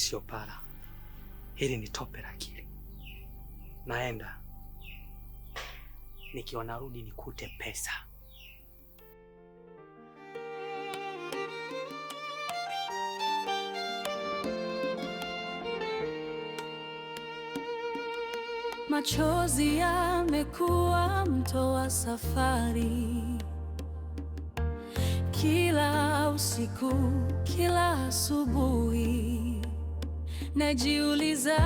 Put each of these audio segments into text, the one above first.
isiyopara. Hili ni tope la akili. Naenda nikiwa narudi nikute pesa. Machozi yamekuwa mto wa safari, kila usiku, kila asubuhi najiuliza,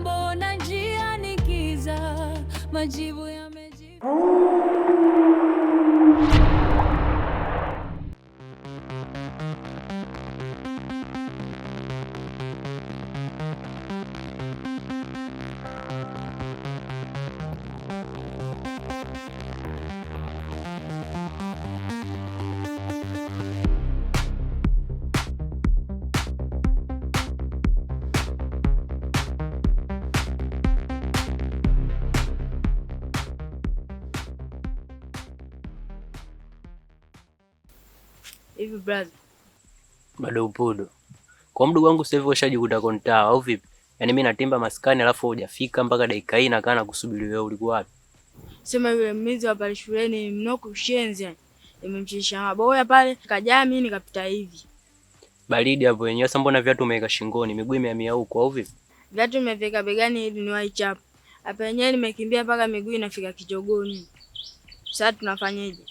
mbona njia ni giza, majibu yamejibu brother? Bado upodo. Kwa mdogo wangu sasa hivi washajikuta kontaa au vipi? Yaani mimi natimba maskani alafu hujafika mpaka dakika hii na kana kusubiri wewe ulikuwa wapi? Sema yule mlinzi wa pale shuleni mnoko ushenzi. Yaani. Nimemchisha maboya pale kajaa mimi nikapita hivi. Baridi hapo yenyewe. sasa mbona viatu umeweka shingoni? Miguu imehamia huko au vipi? Viatu nimeweka begani ili niwahi chapa. Hapa yenyewe nimekimbia mpaka miguu inafika kichogoni. Sasa tunafanyaje?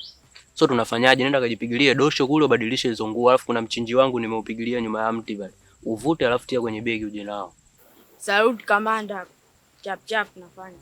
So tunafanyaje? Nenda kajipigilie dosho kule ubadilishe hizo nguo, alafu kuna mchinji wangu nimeupigilia nyuma ya mti pale. Uvute alafu tia kwenye begi uje nao. Saluti kamanda. Chap chap nafanya.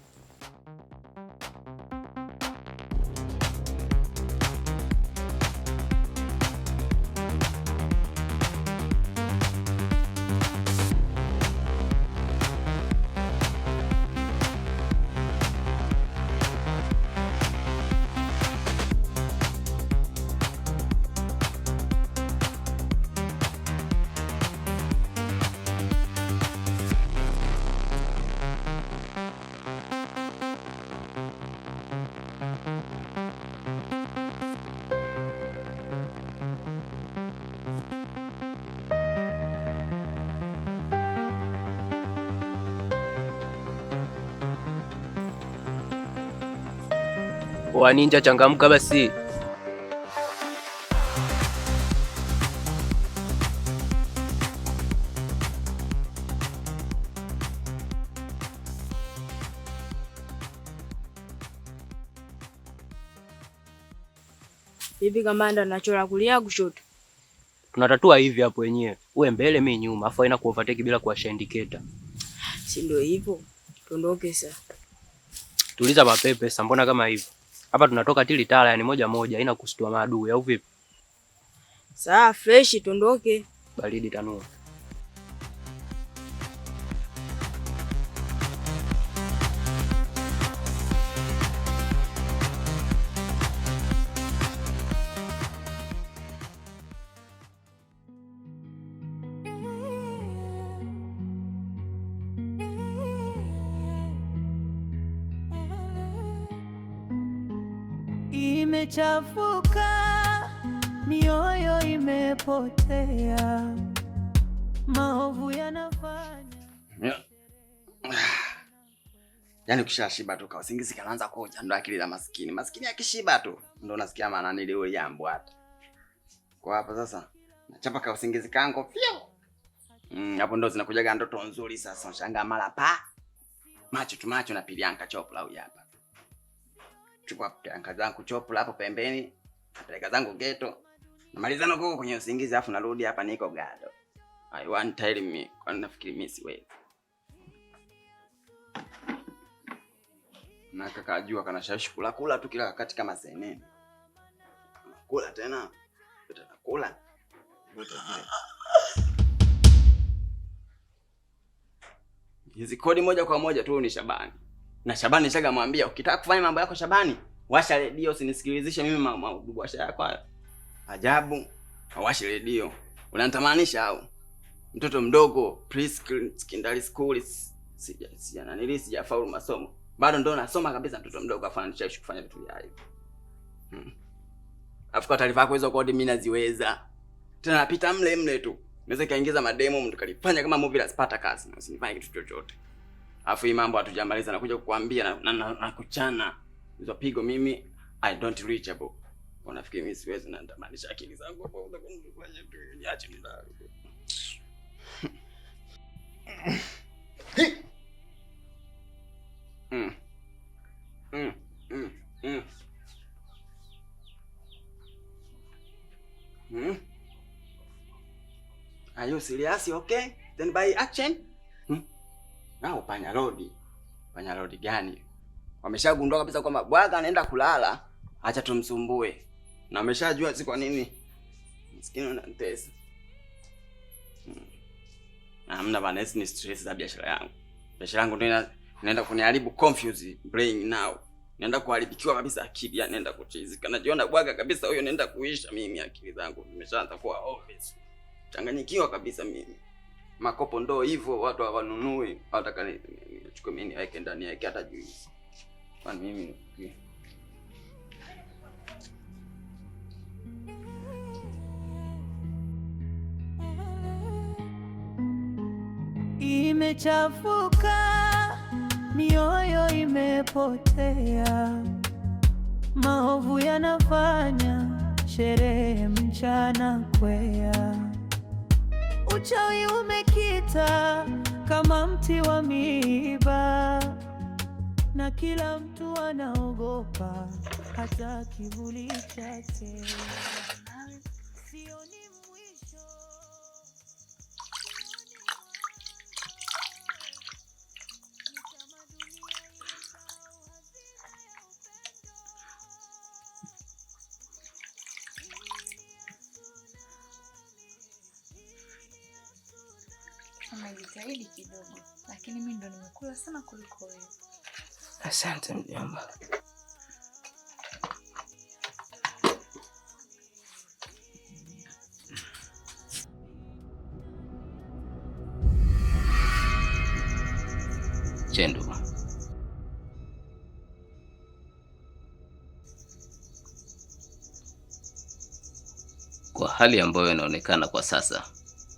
wa ninja changamka basi. Hivi kamanda, nachora kulia kushoto, tunatatua hivi hapo wenyewe, uwe mbele mi nyuma, afu aina kuovateki bila kuwasha indiketa, si ndio? Hivyo tuondoke sasa. Tuliza mapepe sasa, mbona kama hivyo hapa tunatoka tili tala, yani moja moja, haina kusitua maadui au vipi? Sawa, freshi, tuondoke. Baridi tanua. imechafuka, mioyo imepotea, maovu yanafanya yeah. Yaani ukishashiba tu kwa kausingizi kaanza kuja, ndo akili la maskini. Maskini akishiba tu ndo unasikia maana nili huyo jambo hata. Kwa hapa sasa nachapa kwa kausingizi kango. fio. Mm, hapo ndo zinakujaga ndoto nzuri sasa, shangaa mara pa macho tu macho na Priyanka Chopra huyu hapa chukua tanka zangu chopu hapo pembeni, peleka zangu geto, na kuko kwenye usingizi, afu narudi hapa, niko gado. I want tell me, kwa nini nafikiri mimi siwezi? Na kaka ajua kana shashi kula kula tu kila wakati kama senene. Kula tena. Kula. Hizi kodi moja kwa moja tu ni Shabani na Shabani shaga mwambia, ukitaka kufanya mambo yako Shabani, washa redio, usinisikilizishe mimi mabubwasha yako hayo. Ajabu, hawashi redio. Unanitamanisha au mtoto mdogo pre-secondary school? Sija sija nanili sijafaulu masomo bado, ndo nasoma kabisa. Mtoto mdogo afananisha kufanya vitu vya hivi hmm. Afu kwa taarifa yako hizo kodi mimi naziweza tena, napita mle mle tu, naweza kaingiza mademo mtu kalifanya kama movie la sipata kazi na usinifanye kitu chochote. Alafu hii mambo hatujamaliza kuja kukuambia na, na, na kuchana. Hizo pigo mimi I don't reachable. Unafikiri mimi siwezi na nitamaanisha akili zangu hapo unaweza kunifanya tu niache mimi. Mm. Mm. Mm. Mm. Mm. Hmm. Are you serious? Okay? Then by action nao panyarodi. Panyarodi gani? Wameshagundua kabisa kwamba bwaga anaenda kulala, acha tumsumbue, na wameshajua si kwa nini. Msikini unanitesa. Hmm. Hamna bana, hizi ni stress za biashara yangu. Biashara yangu ndio inaenda kuniharibu, confuse brain now. Naenda kuharibikiwa kabisa akili, ya yaani naenda kuchizika. Najiona bwaga kabisa huyo, naenda kuisha mimi akili zangu. Nimeshaanza kuwa obvious. Changanyikiwa kabisa mimi makopo ndoo hivyo, watu hawanunui. wataka nichukue mimi niweke ndani yake hata juu kwani mimi imechafuka, mioyo imepotea, maovu yanafanya sherehe mchana kwea uchawi umekita kama mti wa miiba, na kila mtu anaogopa hata kivuli chake. Jitahidi kidogo, lakini mimi ndo nimekula sana kuliko wewe. Asante mjomba. Chendu, kwa hali ambayo inaonekana kwa sasa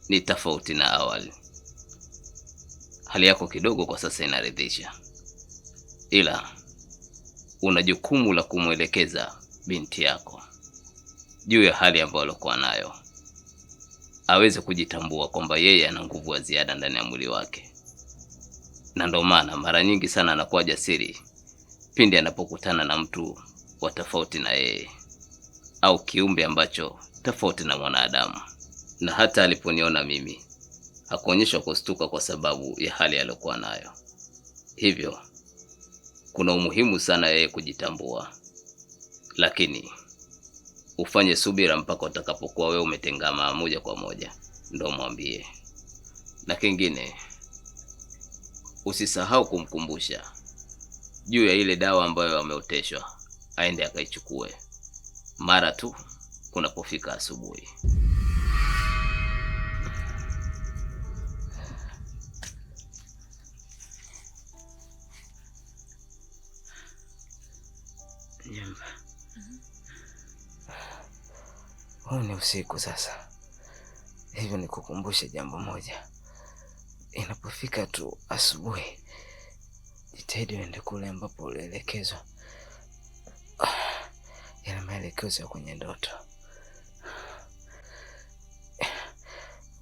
ni tofauti na awali hali yako kidogo kwa sasa inaridhisha, ila una jukumu la kumwelekeza binti yako juu ya hali ambayo alikuwa nayo, aweze kujitambua kwamba yeye ana nguvu ya ziada ndani ya mwili wake, na ndio maana mara nyingi sana anakuwa jasiri pindi anapokutana na mtu wa tofauti na yeye au kiumbe ambacho tofauti na mwanadamu. Na hata aliponiona mimi hakuonyesha kustuka kwa sababu ya hali aliyokuwa nayo, hivyo kuna umuhimu sana yeye kujitambua, lakini ufanye subira mpaka utakapokuwa wewe umetengama moja kwa moja, ndo mwambie. Na kingine, usisahau kumkumbusha juu ya ile dawa ambayo ameoteshwa, aende akaichukue mara tu kunapofika asubuhi. Huu ni usiku sasa, hivyo nikukumbushe jambo moja. Inapofika tu asubuhi, jitahidi uende kule ambapo ulielekezwa. Yana maelekezo ya kwenye ndoto,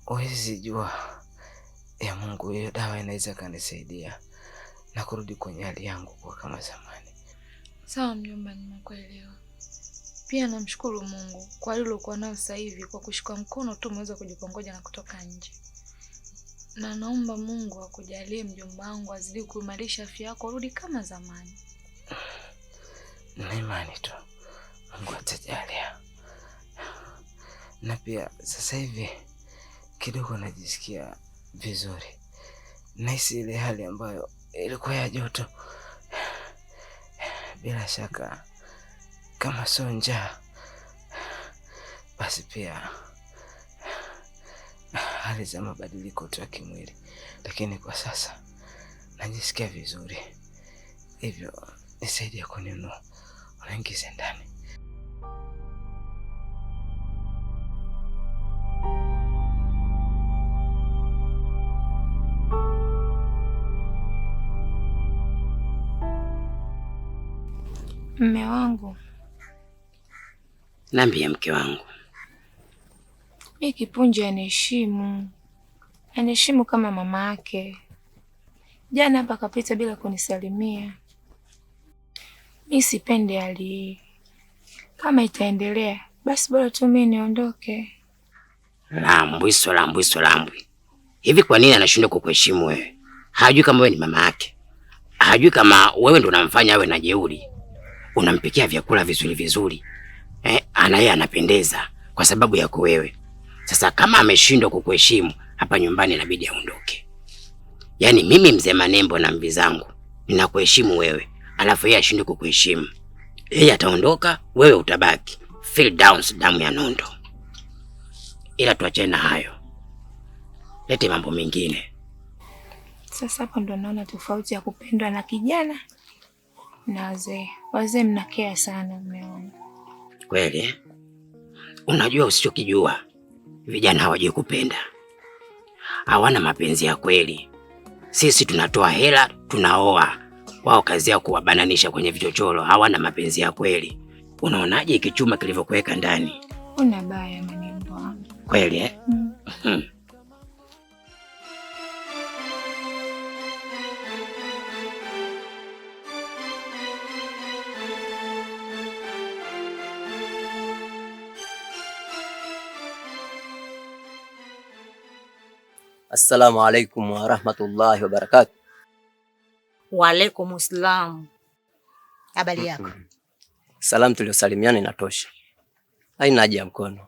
huwezi jua ya Mungu. Hiyo dawa inaweza kanisaidia na kurudi kwenye hali yangu kuwa kama zamani. Sawa mjomba, nimekuelewa. Pia namshukuru Mungu kwa hali uliokuwa nayo sasa hivi, kwa kushika mkono tu umeweza kujipongoja na kutoka nje, na naomba Mungu akujalie mjomba wangu, azidi kuimarisha afya yako, rudi kama zamani. Na imani tu Mungu atajalia. Na pia sasa hivi kidogo najisikia vizuri, nahisi ile hali ambayo ilikuwa ya joto. Bila shaka kama sio njaa basi pia hali za mabadiliko tu ya kimwili, lakini kwa sasa najisikia vizuri, hivyo nisaidia kununua, unaingize ndani. Mme wangu nambia mke wangu mi Kipunji aniheshimu, aniheshimu kama mama yake. Jana hapa kapita bila kunisalimia. Mi sipendi hali hii, kama itaendelea basi bora tu mi niondoke. Lambwi swalambwi swalambwi, hivi kwa nini anashindwa kukuheshimu wewe? Hajui kama wewe ni mama yake, hajui kama wewe ndo unamfanya awe na jeuri, unampikia vyakula vizuri vizuri eh, anaye anapendeza kwa sababu yako wewe. Sasa kama ameshindwa kukuheshimu hapa nyumbani, inabidi aondoke. Yaani mimi mzee Manembo na mvi zangu ninakuheshimu wewe, alafu yeye ashindwe kukuheshimu. Yeye ataondoka, wewe utabaki Feel down, damu ya nondo. Ila tuachane na hayo, lete mambo mengine. Sasa hapo ndo naona tofauti ya kupendwa na kijana na wazee. Wazee mnakea sana, mmeona Kweli unajua usichokijua, vijana hawajui kupenda, hawana mapenzi ya kweli. Sisi tunatoa hela tunaoa, wao kazi yao kuwabananisha kwenye vichochoro. Hawana mapenzi ya kweli. Unaonaje ikichuma kilivyokuweka ndani? Una baya kweli eh? mm. Hmm. Assalamu alaikum warahmatullahi wabarakatu. Waalaikum salam. Habari yako? Mm-hmm. Salamu tuliosalimiana inatosha, haina haja ya mkono.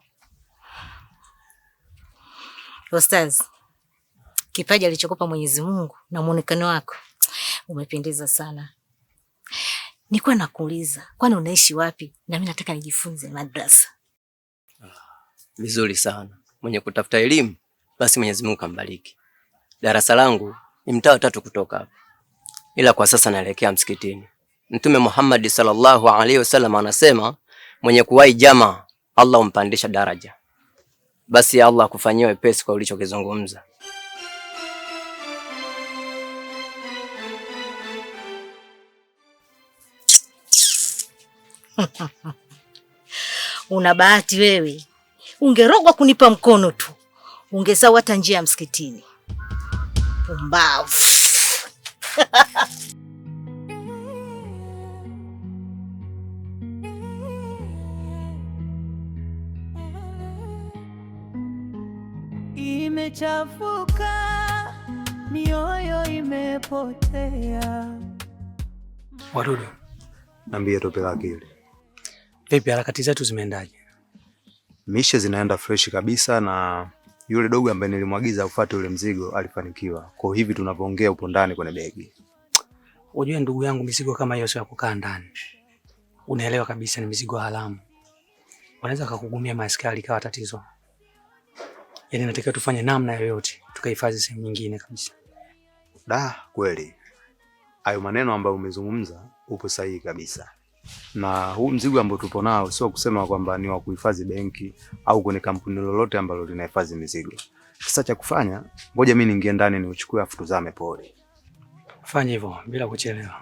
Ustaz, kipaji alichokupa Mwenyezi Mungu na muonekano wako umependeza sana. Nilikuwa nakuuliza, kwani unaishi wapi? Na mimi nataka nijifunze madrasa. Ah, vizuri sana, mwenye kutafuta elimu basi Mwenyezi Mungu kambariki. Darasa langu ni mtaa wa tatu kutoka hapa, ila kwa sasa naelekea msikitini. Mtume Muhammad sallallahu alaihi wasallam anasema mwenye kuwahi jamaa Allah umpandisha daraja. Basi Allah akufanyie wepesi kwa ulichokizungumza. Una bahati wewe, ungerogwa kunipa mkono tu ungezao hata njia ya msikitini. Pumbavu! Imechafuka, mioyo imepotea. Wadudu, nambie tope la akili. Vipi, harakati zetu zimeendaje? Mishe zinaenda freshi kabisa na yule dogo ambaye nilimwagiza ufuate yule mzigo alifanikiwa. Kwa hivi tunavyoongea upo ndani kwenye begi. Unajua ndugu yangu, mizigo kama hiyo sio ya kukaa ndani. Unaelewa kabisa ni mizigo haramu. Wanaweza kukugumia maaskari kawa tatizo. Yaani natakiwa tufanye namna yoyote tukahifadhi sehemu nyingine kabisa. Da, kweli. Hayo maneno ambayo umezungumza upo sahihi kabisa na huu mzigo ambao tupo nao sio kusema kwamba ni wa kuhifadhi benki au kwenye kampuni lolote ambalo linahifadhi mizigo. Sasa cha kufanya, ngoja mimi niingie ndani niuchukue, afu tuzame pole. Fanya hivyo bila kuchelewa.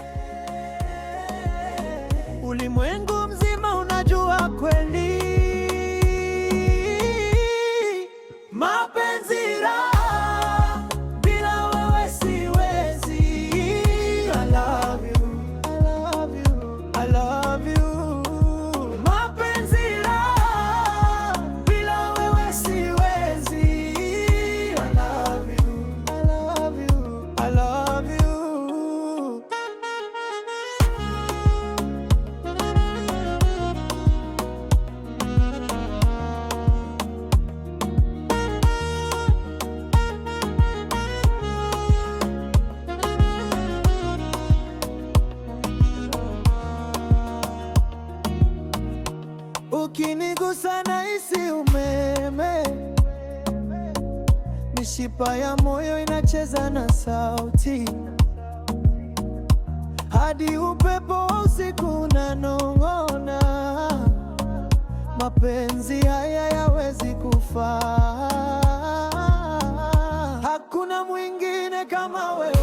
cheza na sauti hadi upepo wa usiku unanongona mapenzi haya yawezi kufa, hakuna mwingine kama wewe.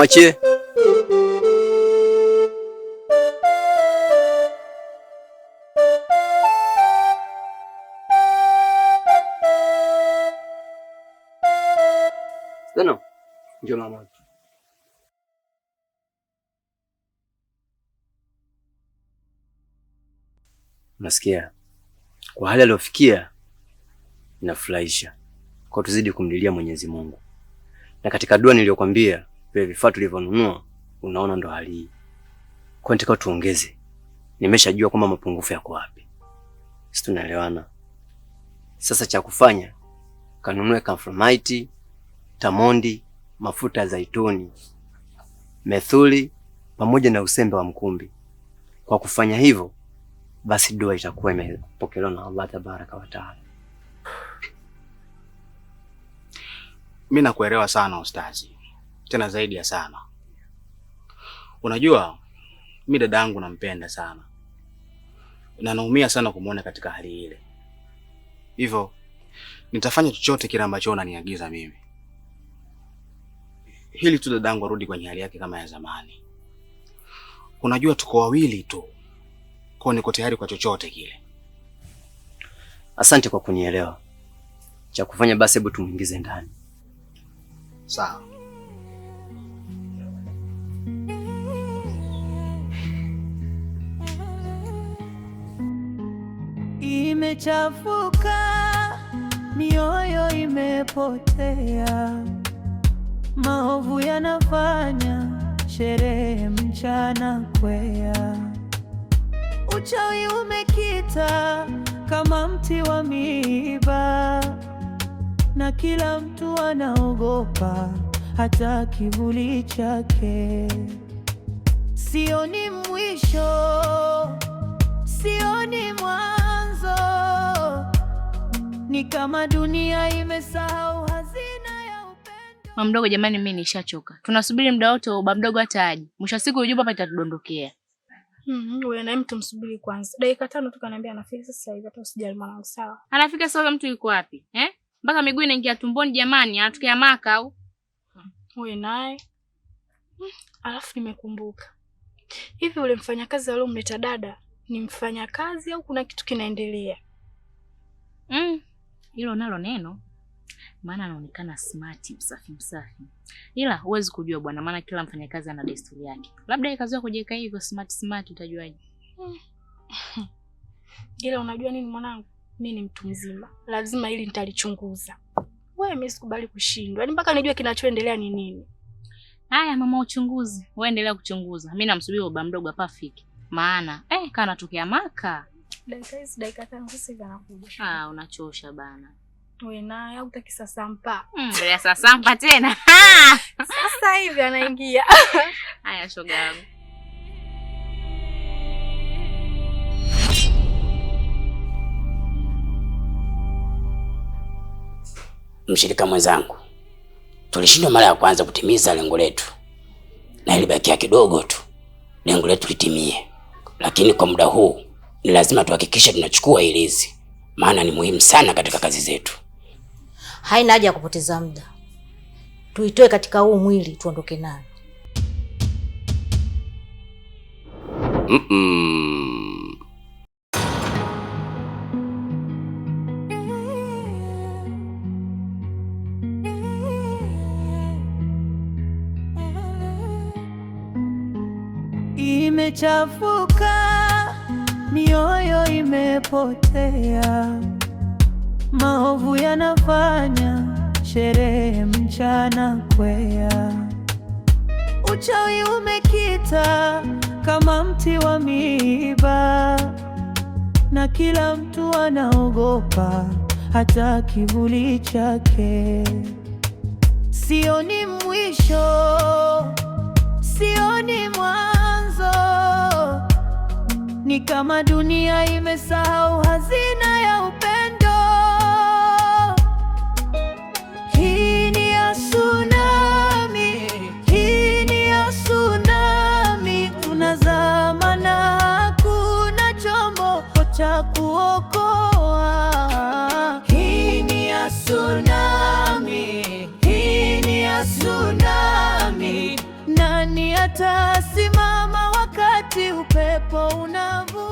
mwachie. mama. Nasikia kwa hali aliyofikia inafurahisha, kwa tuzidi kumlilia Mwenyezi Mungu, na katika dua niliyokwambia vile vifaa tulivyonunua, unaona ndo hali hii. Kwa nini tuongeze? Nimeshajua kwamba mapungufu yako wapi, si tunaelewana? Sasa cha kufanya kanunue kamfromite, tamondi, mafuta ya zaituni, methuli pamoja na usembe wa mkumbi. Kwa kufanya hivyo, basi dua itakuwa imepokelewa na Allah tabaraka wa taala. Mimi nakuelewa sana ustazi, tena zaidi ya sana. Unajua, mi dada yangu nampenda sana na naumia sana kumwona katika hali ile, hivyo nitafanya chochote kile ambacho unaniagiza mimi, hili tu dadangu arudi kwenye hali yake kama ya zamani. Unajua tuko wawili tu, kwa niko tayari kwa chochote kile. Asante kwa kunielewa. Cha kufanya basi, hebu tumwingize ndani. Sawa. imechafuka, mioyo imepotea, maovu yanafanya sherehe mchana kwea, uchawi umekita kama mti wa miiba, na kila mtu anaogopa hata kivuli chake. Sioni mwisho, sioni mwisho ni kama dunia imesahau hazina ya upendo. Mama mdogo, jamani, mimi nishachoka. Tunasubiri muda wote, baba mdogo hata aje. Mwisho wa siku ujumbe hapa itatudondokea. Mhm, wewe mtu msubiri kwanza. Dakika tano tu kaniambia anafika sasa hivi, hata usijali mwanangu, sawa? Anafika sasa, mtu yuko wapi? Eh? Mpaka miguu inaingia tumboni jamani, anatokea maka au? Wewe naye. Alafu nimekumbuka. Hivi ule mfanyakazi aliyomleta dada ni mfanyakazi au kuna kitu kinaendelea? Mm hilo nalo neno, maana anaonekana smart, msafi msafi, ila huwezi kujua bwana, maana kila mfanyakazi ana desturi yake. Labda ikazoea kujiweka hivyo smart smart, utajuaje? Eh. Ila unajua nini mwanangu, mi ni mtu mzima, lazima hili nitalichunguza. Wewe mimi sikubali kushindwa, ni yaani mpaka nijue kinachoendelea ni nini. Haya mama, uchunguzi wewe, endelea kuchunguza. Mimi namsubiri baba mdogo hapa afike, maana eh, kana tokea maka dakika hizi dakika tano sasa hivi anakuja. Ah, unachosha bana. Wewe na au utaki sasampa? Mm, ya sasampa tena. Ah! Sasa hivi anaingia. Haya shoga yangu. Mshirika mwenzangu, tulishindwa mara ya kwanza kutimiza lengo letu, na ilibakia kidogo tu lengo letu litimie, lakini kwa muda huu ni lazima tuhakikishe tunachukua ilizi hizi, maana ni muhimu sana katika kazi zetu. Haina haja ya kupoteza muda, tuitoe katika huu mwili tuondoke nayo. mm -mm. Imechafuka mioyo imepotea, maovu yanafanya sherehe mchana kwea, uchawi umekita kama mti wa miiba, na kila mtu anaogopa hata kivuli chake. Sioni mwisho, sioni mwanzo ni kama dunia imesahau hazina ya upendo. Hii ni ya tsunami, hii ni ya tsunami. Tunazama na hakuna chombo cha kuokoa. Hii ni ya tsunami, hii ni ya tsunami. Nani atasi wakati upepo unavuma